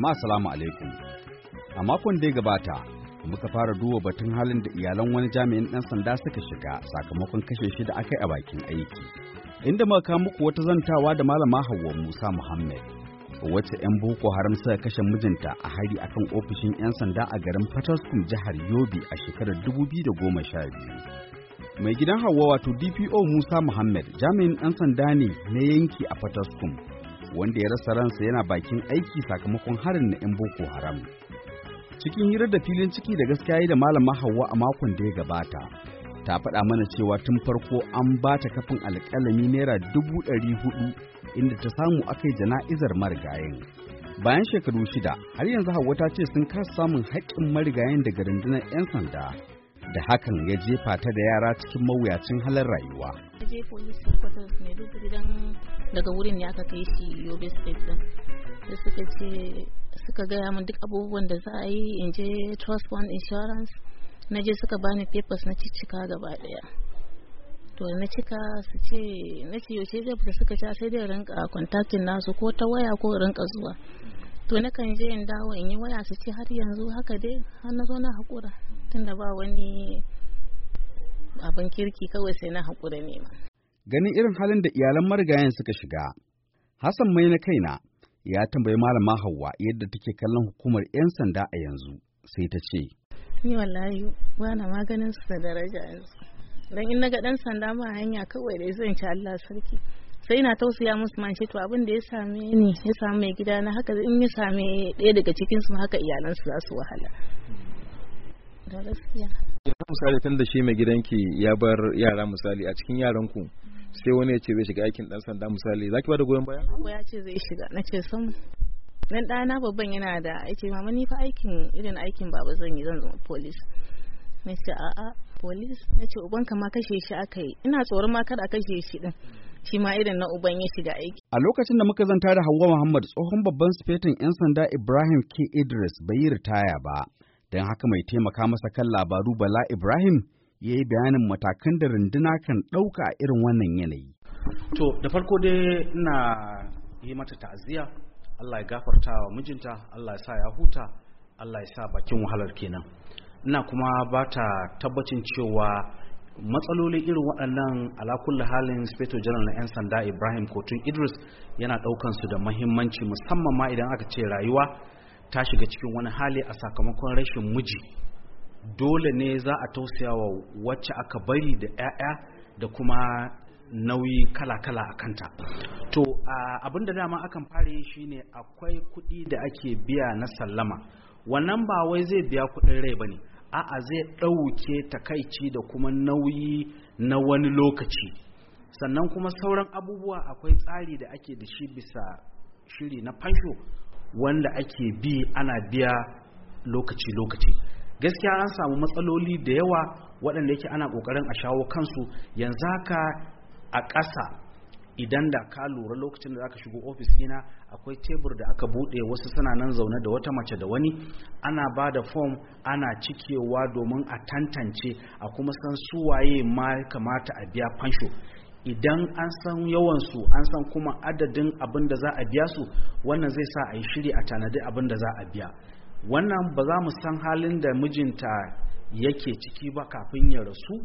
Jama'a salamu alaikum. A makon da ya gabata, muka fara duba batun halin da iyalan wani jami'in ɗan sanda suka shiga sakamakon kashe shi da aka yi a bakin aiki. Inda muka kawo muku wata zantawa da malama Hauwa Musa Muhammad. Wacce 'yan Boko Haram suka kashe mijinta a hari akan ofishin 'yan sanda a garin Fataskum jihar Yobe a shekarar goma sha biyu. mai gidan Hauwa wato dpo musa muhammad jami'in ɗan sanda ne na yanki a fataskum wanda ya rasa ransa yana bakin aiki sakamakon harin na 'yan boko haram cikin hirar da filin ciki da gaskiya yi da malama hawa a makon da ya gabata ta faɗa mana cewa tun farko an ba ta kafin alƙalami naira dubu ɗari hudu inda ta samu aka yi jana'izar marigayen bayan shekaru shida har yanzu hawa ta ce sun kasa samun haƙƙin marigayen daga rundunar 'yan sanda da hakan ya jefa ta da yara cikin mawuyacin halin rayuwa. je police headquarters ne duk gidan daga wurin ya aka kai shi yobe state din da suka ce suka gaya min duk abubuwan da za a yi in je trust fund insurance na je suka bani papers na ciccika gaba daya to na cika su ce na ce ce zai fita suka ce sai dai rinka contacting nasu ko ta waya ko rinka zuwa to na kan je in dawo in yi waya su ce har yanzu haka dai har na zo na haƙura hmm. tunda ba wani abin kirki kawai sai na haƙura ne ma. Ganin irin halin da iyalan marigayen suka shiga, Hassan mai na kaina ya tambayi malama Hauwa yadda take kallon hukumar 'yan sanda a yanzu sai ta ce. Ni wallahi na maganin su da daraja yanzu. Dan in na ga ɗan sanda ma hanya kawai dai zan ci Allah sarki. sai ina tausaya musu man to abin da ya same ni ya same mai gida na haka in ya same ɗaya daga cikin su haka iyalansu za su wahala da gaskiya yanzu misali tun da shi mai gidanki ya bar yara misali a cikin yaran ku sai wani ya ce zai shiga aikin dan sanda misali zaki ba da goyon baya ko ya ce zai shiga na ce sam dan ɗana babban yana da aiki mama ni fa aikin irin aikin baba zan yi zan zama police na ce a'a police na ce ka ma kashe shi aka yi ina tsoron ma kada a kashe shi din shi ma irin na uban ya shiga aiki. A lokacin da muka zanta da Hauwa Muhammad tsohon babban sifetin 'yan sanda Ibrahim K. Idris bai yi ritaya ba, don haka mai taimaka masa kan labaru Bala Ibrahim ya yi bayanin matakan da runduna kan ɗauka a irin wannan yanayi. To da farko dai ina yi mata ta'aziyya Allah ya gafarta wa mijinta Allah ya sa ya huta Allah ya sa bakin wahalar kenan. Ina kuma ba ta tabbacin cewa matsaloli irin waɗannan alakulli halin speto general na 'yan sanda ibrahim kotun idris yana ɗaukan su da mahimmanci musamman ma idan aka ce rayuwa ta shiga cikin wani hali a sakamakon rashin miji dole ne za a tausayawa wa wacce aka bari da 'ya'ya da kuma nauyi kala-kala a kanta to abin da dama akan fara yi shine akwai kuɗi da ake biya na sallama wannan ba wai zai biya kuɗin rai ba ne a'a zai ɗauke takaici da kuma nauyi na wani lokaci sannan kuma sauran abubuwa akwai tsari da ake da shi bisa shiri na fansho wanda ake bi ana biya lokaci-lokaci gaskiya an samu matsaloli da yawa waɗanda yake ana ƙoƙarin a shawo kansu yanzu haka a ƙasa idan da ka lura lokacin da zaka shigo ofis ina akwai tebur da aka bude wasu suna nan zaune da wata mace da wani ana ba da form ana cikewa domin a tantance a kuma san su waye ma kamata a biya fansho idan an san yawansu an san kuma adadin abin da za a biya su wannan zai sa a yi shiri a tanadi abin da za a biya wannan ba za mu san halin da mijinta yake ciki ba kafin ya rasu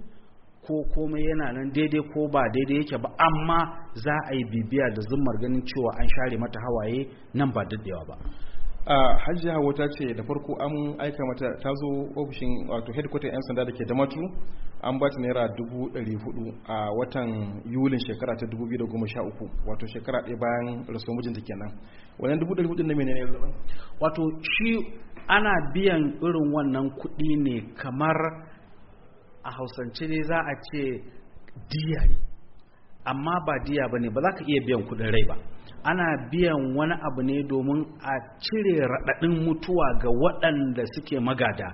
ko komai yana nan daidai ko ba daidai yake ba amma za a yi bibiya da zummar ganin cewa an share mata hawaye nan ba daddewa ba a hajji hawa ta ce da farko an aika mata ta zo ofishin wato headquarter yan sanda da ke damatu an ba ta naira dubu ɗari hudu a watan yulin shekara ta dubu biyu da goma sha uku wato shekara ɗaya bayan rasuwar mijinta kenan wannan dubu ɗari hudu na menene ya wato shi ana biyan irin wannan kuɗi ne kamar a hausance ne za a ce diya ne amma ba diya ba ne ba za ka iya biyan kudin rai ba ana biyan wani abu ne domin a cire raɗaɗin mutuwa ga waɗanda suke magada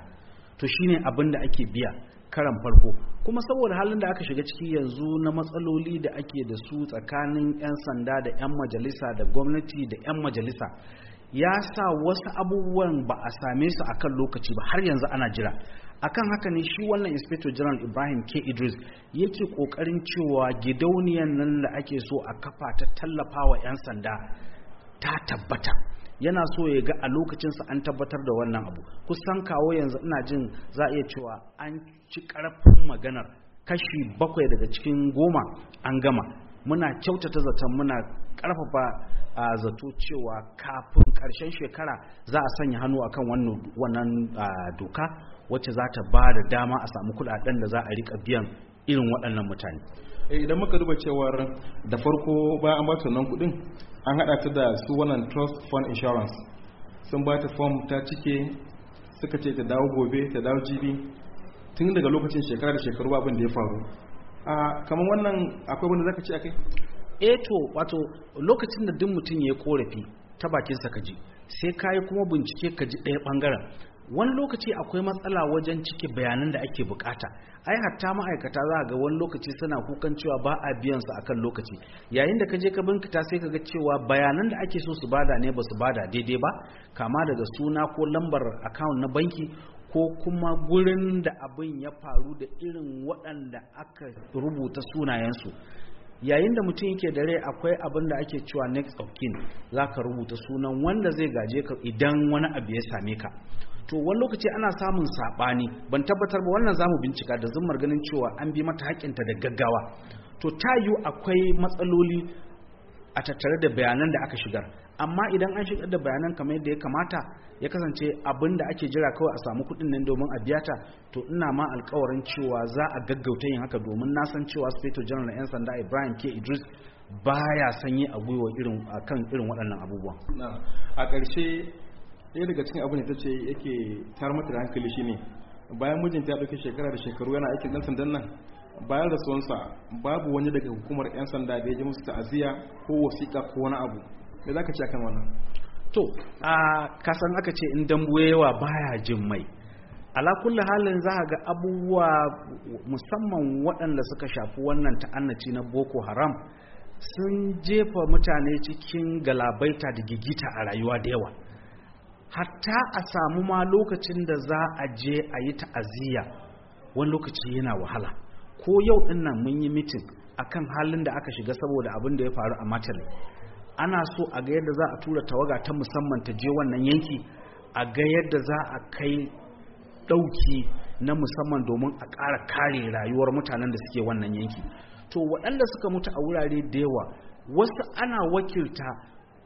to shine abin da ake biya karan farko kuma saboda halin da aka shiga ciki yanzu na matsaloli da ake da su tsakanin 'yan sanda da 'yan majalisa da gwamnati da 'yan majalisa ya sa wasu abubuwan ba a same su a kan lokaci ba har yanzu ana jira akan haka ne shi wannan inspector general ibrahim k idris yake kokarin cewa gidauniyar nan da ake so a kafa ta tallafawa 'yan sanda ta tabbata yana so ya ga a lokacinsa an tabbatar da wannan abu kusan kawo yanzu ina jin za a iya cewa an ci karfin maganar kashi bakwai daga cikin goma an gama muna kyautata zaton muna karfafa a zato cewa kafin karshen shekara za a sanya hannu a kan wannan doka wacce za ta ba da dama a samu kudaden da za a rika biyan irin waɗannan mutane eh, idan muka duba cewar da farko bayan an bata nan kudin an hada ta da su wannan trust fund insurance sun bata form ta cike suka ce ta dawo gobe ta dawo jibi tun daga lokacin shekara da shekaru abin da ya faru a kamar wannan akwai wanda zaka ce akai eh to wato lokacin da duk mutum ya korafi ta bakinsa ka ji sai ka yi kuma bincike ka ji ɗaya ɓangaren wani lokaci akwai matsala wajen cike bayanan da ake bukata ai hatta ma'aikata za ga wani lokaci suna kukan cewa ba a biyan su akan lokaci yayin da ka je ka binkita sai ka ga cewa bayanan da ake so su bada ne ba su bada daidai ba kama daga suna ko lambar account na banki ko kuma gurin da abin ya faru da irin waɗanda aka rubuta sunayensu yayin da mutum yake da rai akwai abin da ake cewa next of kin za ka rubuta sunan wanda zai gaje ka idan wani abu ya same ka to wani lokaci ana samun saɓani ban tabbatar ba wannan zamu bincika da zummar ganin cewa an bi mata haƙƙinta da gaggawa to ta yiwu akwai matsaloli a tattare da bayanan da aka shigar amma idan an shigar da bayanan kamar yadda ya kamata ya kasance abin da ake jira kawai a samu kuɗin nan domin a biya ta to ina ma alkawarin cewa za a gaggauta yin haka domin na san cewa speto general na 'yan sanda ibrahim k idris baya sanyi a gwiwa irin kan irin waɗannan abubuwa. a ƙarshe ɗaya daga cikin abin da ce yake tar mata da hankali shine bayan mijinta ya ɗauki shekara da shekaru yana aikin ɗan sandan nan bayan rasuwansa babu wani daga hukumar 'yan sanda da ya ji musu ta'aziyya ko wasiƙa ko wani abu me za ka ce akan wannan to a kasan aka ce in dambu yawa baya jin mai ala kulli halin za ga abubuwa musamman waɗanda suka shafi wannan ta'annaci na boko haram sun jefa mutane cikin galabaita da gigita a rayuwa da yawa hatta a samu ma lokacin da za a je a yi ta'aziyya wani lokaci yana wahala ko yau ɗin nan mun yi mitin akan halin da aka shiga saboda abin da ya faru a matalin ana so a ga yadda za a tura tawaga ta musamman ta je wannan yanki a ga yadda za a kai ɗauki na musamman domin a ƙara kare rayuwar mutanen da suke wannan yanki to waɗanda suka mutu a wurare da yawa wasu ana wakilta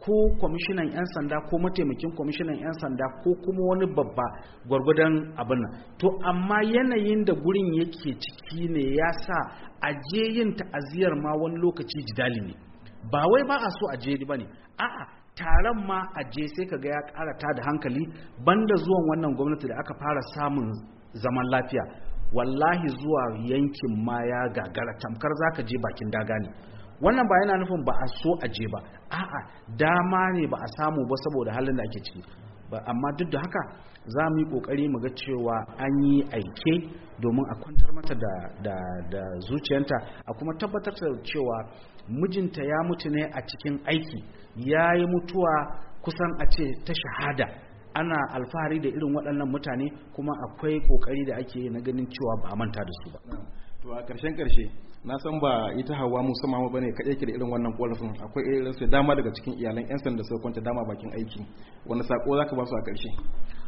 ko kwamishinan 'yan sanda ko mataimakin kwamishinan 'yan sanda ko kuma wani babba gwargwadon abin nan to amma yanayin da gurin yake ciki ne ya sa a je yin ta'aziyar ma wani lokaci jidali ne ba wai ba a so a je ba ne a'a taron ma a je sai ka ga ya karata da hankali banda zuwan wannan gwamnati da aka fara samun zaman lafiya wallahi zuwa yankin ma ya gagara tamkar za ka je bakin daga ne wannan ba yana nufin ba a so a je ba a'a dama ne ba a samu ba saboda halin da ake ciki Ba amma duk da haka za mu yi kokari mu ga cewa an yi aike domin a kwantar mata da, zuciyanta a kuma tabbatar da cewa mijinta ya mutu ne a cikin aiki ya yi mutuwa kusan a ce ta shahada ana alfahari da irin waɗannan mutane kuma akwai kokari da ake na ganin cewa ba a manta da su ba to a ƙarshen ƙarshe na san ba ita hawa musa mama bane kaɗai ki da irin wannan ƙorafin akwai irin su dama daga cikin iyalan yan sanda suka kwanta dama bakin aiki wanda sako zaka ba su a ƙarshe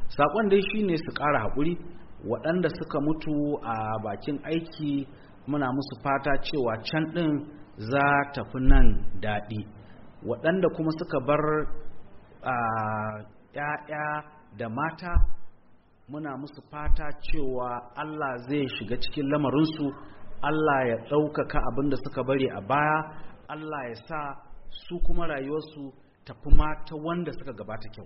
sakon dai shine su ƙara haƙuri waɗanda suka mutu a bakin aiki muna musu fata cewa can ɗin za ta fi nan daɗi waɗanda kuma suka bar a ƴaƴa da mata muna musu fata cewa Allah zai shiga cikin lamarinsu Allah ya ɗaukaka abin da suka bari a baya Allah ya sa su kuma rayuwarsu tafi mata ta wanda suka gabata kyau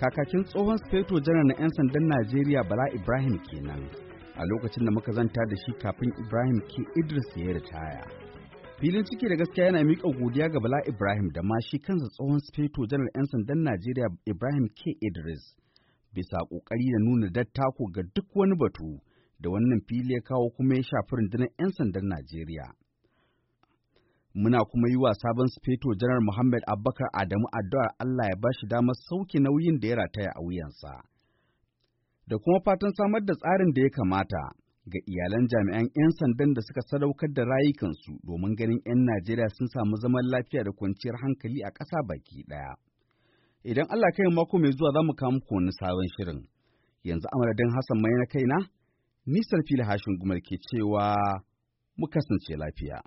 kakakin tsohon sufeto janar na 'yan sandan najeriya bala ibrahim kenan a lokacin da muka zanta da shi kafin ibrahim ke idris ya ritaya filin ciki da gaskiya yana miƙa godiya ga bala ibrahim da ma shi kansa tsohon sufeto janar 'yan sandan najeriya ibrahim k idris bisa ƙoƙari da nuna dattako ga duk wani batu da wannan fili ya kawo kuma ya shafi rundunar 'yan sandan najeriya muna kuma yi wa sabon sufeto janar muhammad abubakar adamu addu'ar allah ya ba shi damar sauke nauyin da ya rataya a wuyansa da kuma fatan samar da tsarin da ya kamata ga iyalan jami'an 'yan sandan da suka sadaukar da rayukansu domin ganin 'yan Najeriya sun samu zaman lafiya da kwanciyar hankali a ƙasa baki ɗaya. Idan Allah kai mako mai zuwa za mu kawo muku wani sabon shirin. Yanzu amadadin Hassan mai na kai na, nisar fili hashin gumar ke cewa mu kasance lafiya.